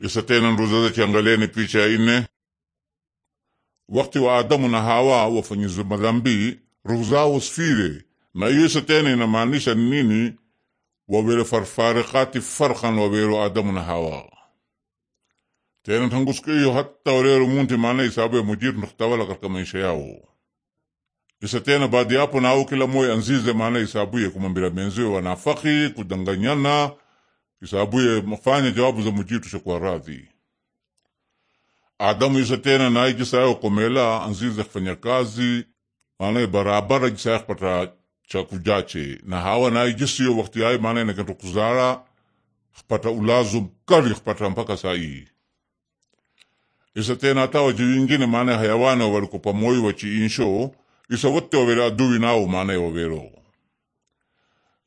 Isa tena nduzazeti angalieni picha ya ine wakti wa Adamu na Hawa wafanyiza madhambi roho zao sfire na iyo isa tena inamaanisha nini? wawere farfarikati farkan wawero Adamu na Hawa tena tanguske iyo hata warero munti maana isabu ya mujiru nakutawala katika maisha yao isa tena baadi yapo nao kila moyo anzize maana ya kumambira menziwe wanafaki kudanganyana isabuye mafanya jawabu za mujitu shakuwa radhi adamu isa tena naye jisaya komela anzize kufanya kazi maana barabara jisaya kupata cha kujache na hawa naye jisiyo wakati ai maana nakenda kuzara kupata ulazu mkali kupata mpaka saa hii isa tena hata waji wingine maana hayawana waliko pamoyo wachiinsho isa wote wawera adui nao maanaye wawero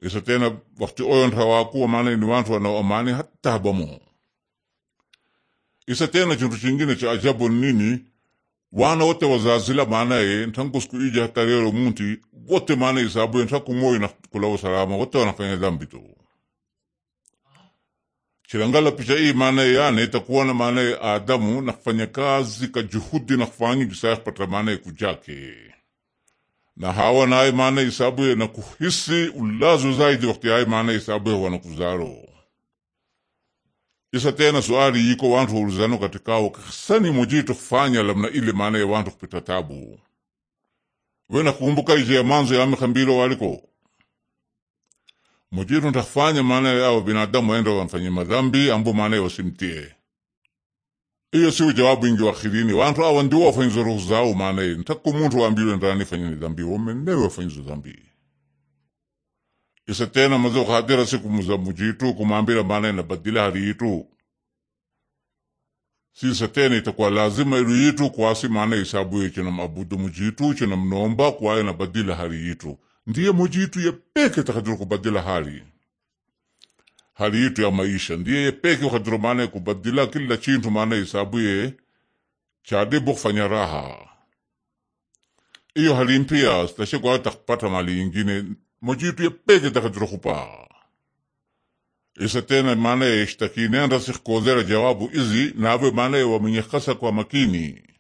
isa tena wakti oyonta wakuwa maana ni wantu wana amani hata habamo isa tena chintu chingine cha ajabu nini wana wote wazazila maanaye siku ija hata lero munti wote maana isabu ntakumoi na kulawo salama wote wanafanya dhambi tu chilangala picha hii maanaye yane itakuona maanaye adamu nakufanya kazi kajuhudi nakufanyi jisayapata maanaye kujake na hawa naye maana isabuye na kuhisi ulazo zaidi wakati yaye maana isabuye wanakuzaro isa tena suali yiko wantu hulizano katikao kakisani mujito kufanya lamna ile maana ya wantu kupita tabu wena kukumbuka ije ya manzo ya mikambilo waliko mujito ntakufanya maana yao binadamu waenda wamfanye madhambi ambo maana ya wasimtie iyo siyo jawabu ingi wakhirini wantu awandiwo wafanyizo roho zao maana yeni taka muntu waambiwe ndani fanyeni dhambi newe wafanyizo dhambi isa tena mazo khadira siku muza mujitu kumambira maana na badila hali yitu isa tena itakuwa lazima ilu yitu kwasi maana ye sabu ye chena mabudu mujitu chena mnomba kwa ye nabadila hali yitu ndiye mujitu ye peke takadiru kubadila hali hali yitu ya maisha ndiye yepeke wakadiro maanaye kubadila kila chintu maanaye isabuye chadebo kufanya raha iyo hali mpia hata kupata mali ingine mojitu yepeke peke takadiro kupa isa tena maanaye ishtakine andasikoozera jawabu izi nawe maanaye wamenyekasa kwa makini